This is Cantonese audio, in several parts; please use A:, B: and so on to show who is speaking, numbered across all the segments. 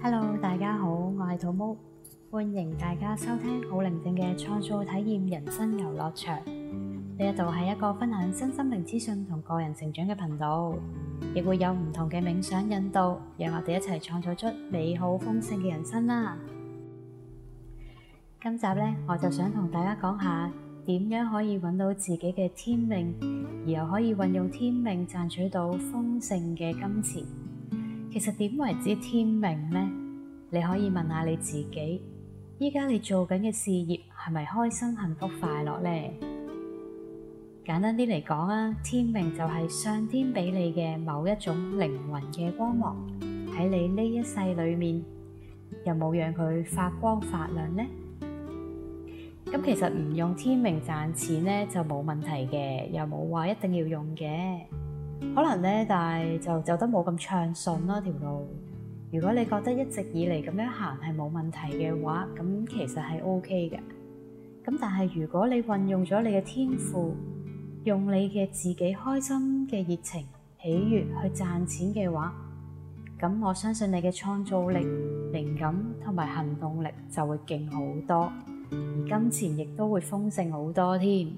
A: Hello，大家好，我係土毛，歡迎大家收聽好寧靜嘅創造體驗人生遊樂場。呢一度係一個分享身心靈資訊同個人成長嘅頻道，亦會有唔同嘅冥想引導，讓我哋一齊創造出美好豐盛嘅人生啦。今集咧，我就想同大家講下點樣可以揾到自己嘅天命，而又可以運用天命賺取到豐盛嘅金錢。其實點為之天命呢？你可以問下你自己，依家你做緊嘅事業係咪開心、幸福、快樂呢？簡單啲嚟講啊，天命就係上天俾你嘅某一種靈魂嘅光芒，喺你呢一世裏面又冇讓佢發光發亮呢？咁其實唔用天命賺錢呢就冇問題嘅，又冇話一定要用嘅。可能咧，但係就走得冇咁暢順咯、啊、條路。如果你覺得一直以嚟咁樣行係冇問題嘅話，咁其實係 OK 嘅。咁但係如果你運用咗你嘅天賦，用你嘅自己開心嘅熱情、喜悅去賺錢嘅話，咁我相信你嘅創造力、靈感同埋行動力就會勁好多，而金錢亦都會豐盛好多添。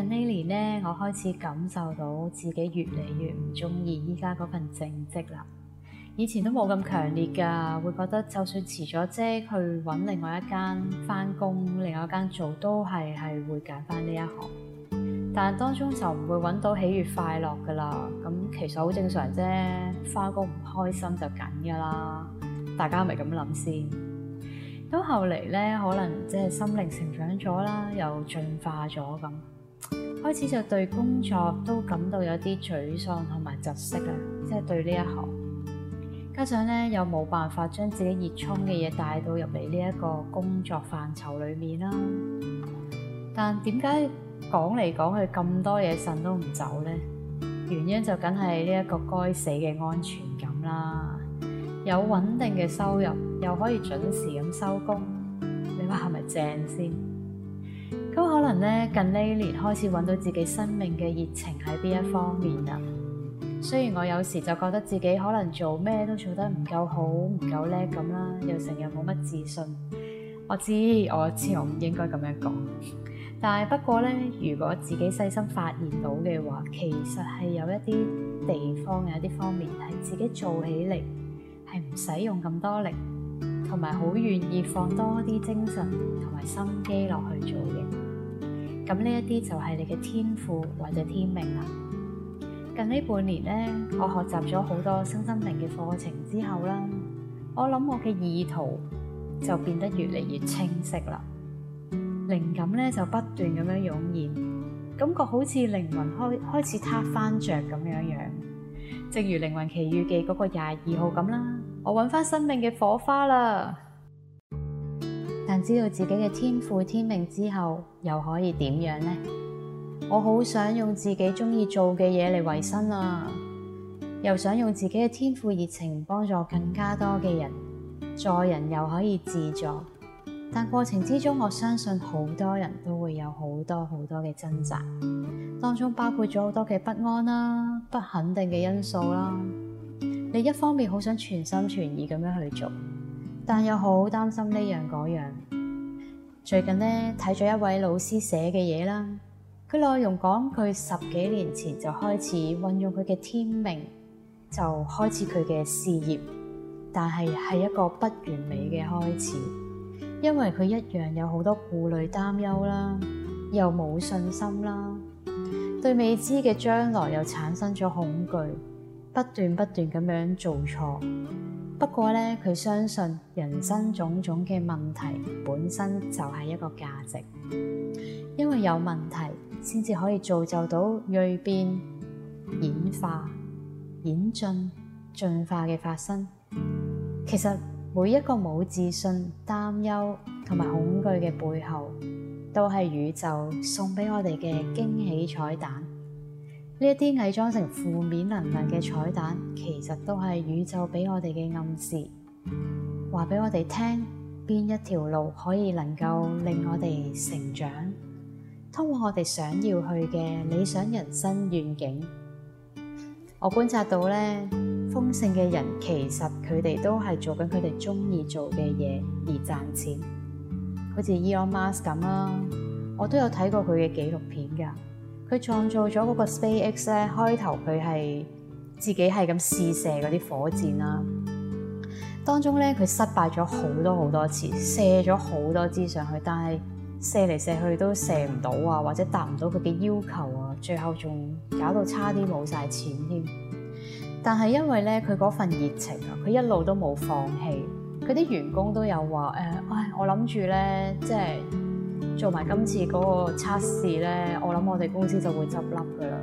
A: 近呢年咧，我開始感受到自己越嚟越唔中意依家嗰份正職啦。以前都冇咁強烈噶，會覺得就算辭咗職去揾另外一間翻工，另外一間做都係係會揀翻呢一行。但係當中就唔會揾到喜悦快樂噶啦。咁其實好正常啫，返工唔開心就緊噶啦。大家係咪咁諗先？到後嚟呢，可能即係心靈成長咗啦，又進化咗咁。開始就對工作都感到有啲沮喪同埋窒息啦，即係對呢一行。加上咧又冇辦法將自己熱衷嘅嘢帶到入嚟呢一個工作範疇裏面啦。但點解講嚟講去咁多嘢，神都唔走呢？原因就梗係呢一個該死嘅安全感啦。有穩定嘅收入，又可以準時咁收工，你話係咪正先？都可能咧，近呢年開始揾到自己生命嘅熱情喺邊一方面呀。雖然我有時就覺得自己可能做咩都做得唔夠好，唔夠叻咁啦，又成日冇乜自信。我知我知，我唔應該咁樣講，但係不過咧，如果自己細心發現到嘅話，其實係有一啲地方有一啲方面係自己做起嚟係唔使用咁多力，同埋好願意放多啲精神同埋心機落去做。咁呢一啲就係你嘅天賦或者天命啦。近呢半年咧，我學習咗好多生生命嘅課程之後啦，我諗我嘅意圖就變得越嚟越清晰啦。靈感咧就不斷咁樣湧現，感覺好似靈魂開開始撻翻著咁樣樣，正如靈魂奇遇記嗰個廿二號咁啦，我揾翻生命嘅火花啦。知道自己嘅天賦天命之後，又可以點樣呢？我好想用自己中意做嘅嘢嚟維生啊，又想用自己嘅天賦熱情幫助更加多嘅人，助人又可以自助。但過程之中，我相信好多人都會有好多好多嘅掙扎，當中包括咗好多嘅不安啦、啊、不肯定嘅因素啦、啊。你一方面好想全心全意咁樣去做。但又好擔心呢樣嗰樣。最近咧，睇咗一位老師寫嘅嘢啦，佢內容講佢十幾年前就開始運用佢嘅天命，就開始佢嘅事業，但係係一個不完美嘅開始，因為佢一樣有好多顧慮擔憂啦，又冇信心啦，對未知嘅將來又產生咗恐懼，不斷不斷咁樣做錯。不過咧，佢相信人生種種嘅問題本身就係一個價值，因為有問題先至可以造就到蛻變、演化、演進、進化嘅發生。其實每一個冇自信、擔憂同埋恐懼嘅背後，都係宇宙送俾我哋嘅驚喜彩蛋。呢一啲偽裝成負面能量嘅彩蛋，其實都係宇宙畀我哋嘅暗示，話畀我哋聽，邊一條路可以能夠令我哋成長，通過我哋想要去嘅理想人生願景。我觀察到咧，豐盛嘅人其實佢哋都係做緊佢哋中意做嘅嘢而賺錢，好似 Elon Musk 咁啊！我都有睇過佢嘅紀錄片㗎。佢創造咗嗰個 SpaceX 咧，開頭佢係自己係咁試射嗰啲火箭啦。當中咧佢失敗咗好多好多次，射咗好多支上去，但係射嚟射去都射唔到啊，或者達唔到佢嘅要求啊。最後仲搞到差啲冇晒錢添。但係因為咧佢嗰份熱情啊，佢一路都冇放棄。佢啲員工都有話誒，唉，我諗住咧，即係，做埋今次嗰個測試咧，我諗我哋公司就會執笠噶啦。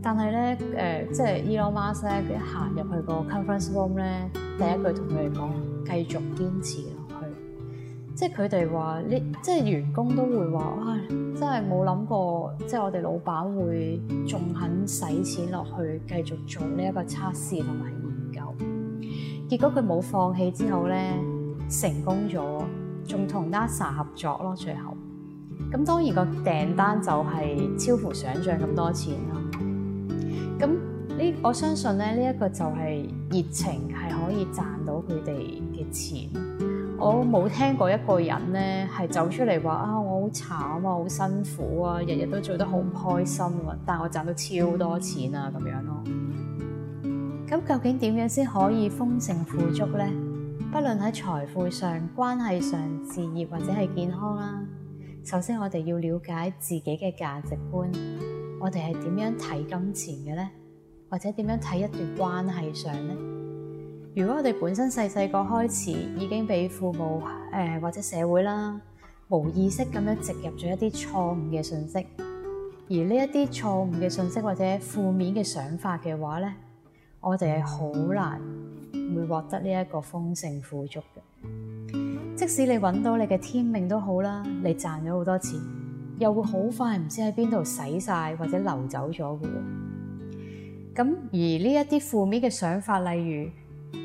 A: 但係咧，誒、呃，即係 Elon Musk 咧，佢一行入去個 conference room 咧，第一句同佢哋講繼續堅持落去。即係佢哋話呢，即係員工都會話，唉、哎，真係冇諗過，即係我哋老闆會仲肯使錢落去繼續做呢一個測試同埋研究。結果佢冇放棄之後咧，成功咗，仲同 NASA 合作咯，最後。咁當然個訂單就係超乎想象咁多錢啦。咁呢，我相信咧呢一個就係熱情係可以賺到佢哋嘅錢。我冇聽過一個人咧係走出嚟話啊，我好慘啊，好辛苦啊，日日都做得好唔開心啊，但我賺到超多錢啊咁樣咯。咁究竟點樣先可以豐盛富足呢？不論喺財富上、關係上、事業或者係健康啦、啊。首先，我哋要了解自己嘅價值觀，我哋係點樣睇金錢嘅咧？或者點樣睇一段關係上咧？如果我哋本身細細個開始已經俾父母誒、呃、或者社會啦無意識咁樣植入咗一啲錯誤嘅信息，而呢一啲錯誤嘅信息或者負面嘅想法嘅話咧，我哋係好難會獲得呢一個豐盛富足嘅。即使你揾到你嘅天命都好啦，你賺咗好多錢，又會好快唔知喺邊度洗晒或者流走咗嘅。咁而呢一啲負面嘅想法，例如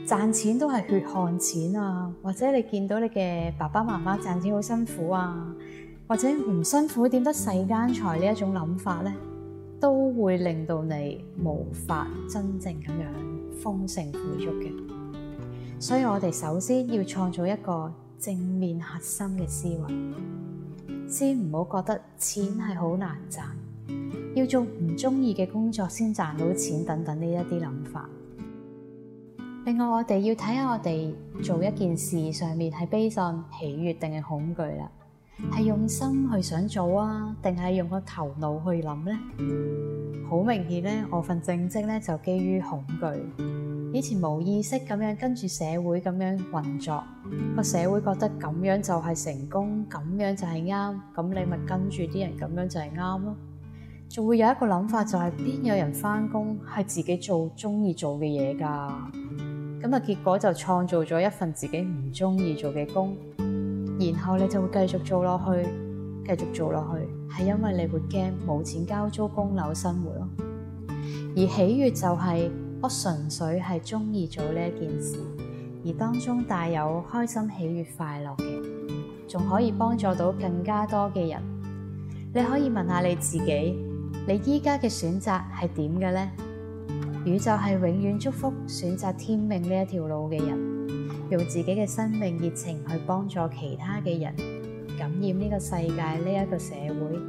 A: 賺錢都係血汗錢啊，或者你見到你嘅爸爸媽媽賺錢好辛苦啊，或者唔辛苦點得世間財呢一種諗法咧，都會令到你無法真正咁樣豐盛富足嘅。所以我哋首先要創造一個。正面核心嘅思維，先唔好覺得錢係好難賺，要做唔中意嘅工作先賺到錢等等呢一啲諗法。另外，我哋要睇下我哋做一件事上面係悲傷、喜悅定係恐懼啦？係用心去想做啊，定係用個頭腦去諗呢？好明顯咧，我份正職咧就基於恐懼。以前冇意識咁樣跟住社會咁樣運作，個社會覺得咁樣就係成功，咁樣就係啱，咁你咪跟住啲人咁樣就係啱咯。仲會有一個諗法就係邊有人返工係自己做中意做嘅嘢㗎？咁啊結果就創造咗一份自己唔中意做嘅工，然後你就會繼續做落去，繼續做落去，係因為你會驚冇錢交租供樓生活咯。而喜悅就係～我純粹係中意做呢一件事，而當中帶有開心、喜悅、快樂嘅，仲可以幫助到更加多嘅人。你可以問下你自己，你依家嘅選擇係點嘅呢？宇宙係永遠祝福選擇天命呢一條路嘅人，用自己嘅生命熱情去幫助其他嘅人，感染呢個世界呢一個社會。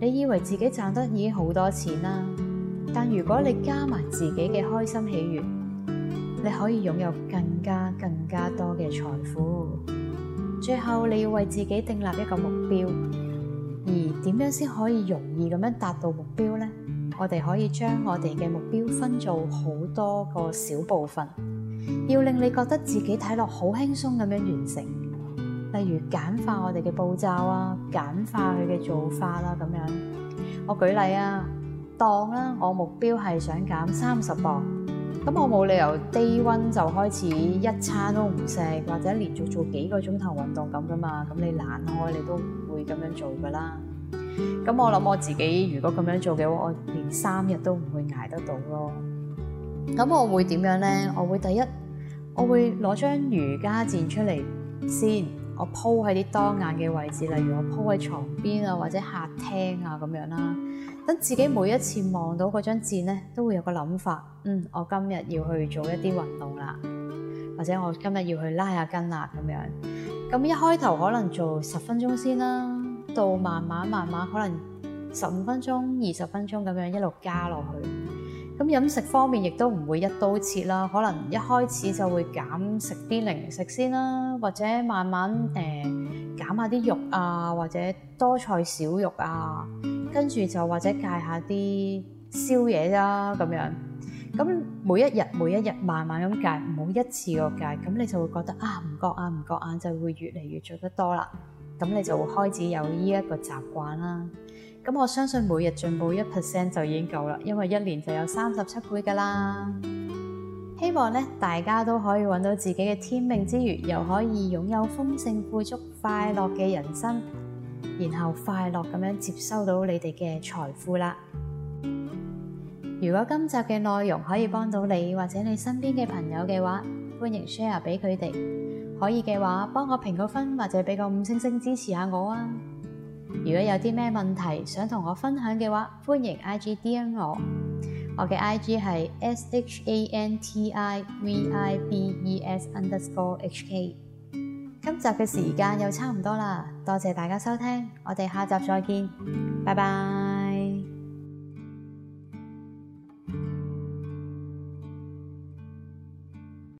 A: 你以為自己賺得已經好多錢啦？但如果你加埋自己嘅開心喜悅，你可以擁有更加更加多嘅財富。最後你要為自己訂立一個目標，而點樣先可以容易咁樣達到目標呢？我哋可以將我哋嘅目標分做好多個小部分，要令你覺得自己睇落，好輕鬆咁樣完成。例如簡化我哋嘅步驟啊，簡化佢嘅做法啦，咁樣。我舉例啊。當啦，我目標係想減三十磅，咁我冇理由低温就開始一餐都唔食，或者連續做幾個鐘頭運動咁噶嘛。咁你懶開，你都唔會咁樣做噶啦。咁我諗我自己如果咁樣做嘅話，我連三日都唔會捱得到咯。咁我會點樣呢？我會第一，我會攞張瑜伽墊出嚟先。我鋪喺啲當眼嘅位置，例如我鋪喺床邊啊，或者客廳啊咁樣啦。等自己每一次望到嗰張墊咧，都會有個諗法，嗯，我今日要去做一啲運動啦，或者我今日要去拉下筋啦咁樣。咁一開頭可能做十分鐘先啦，到慢慢慢慢可能十五分鐘、二十分鐘咁樣一路加落去。咁飲食方面亦都唔會一刀切啦，可能一開始就會減食啲零食先啦，或者慢慢誒減、呃、下啲肉啊，或者多菜少肉啊，跟住就或者戒一下啲宵夜啦、啊、咁樣。咁每一日每一日慢慢咁戒，唔好一次過戒，咁你就會覺得啊唔覺眼、啊、唔覺眼、啊，就會越嚟越做得多啦。咁你就會開始有呢一個習慣啦。咁我相信每日進步一 percent 就已經夠啦，因為一年就有三十七倍噶啦。希望咧大家都可以揾到自己嘅天命之餘，又可以擁有豐盛富足、快樂嘅人生，然後快樂咁樣接收到你哋嘅財富啦。如果今集嘅內容可以幫到你或者你身邊嘅朋友嘅話，歡迎 share 俾佢哋。可以嘅話，幫我評個分或者俾個五星星支持下我啊！如果有啲咩問題想同我分享嘅話，歡迎 IG DM 我，我嘅 I G 係 S H A N T I V I B E S underscore H K。今集嘅時間又差唔多啦，多謝大家收聽，我哋下集再見，拜拜。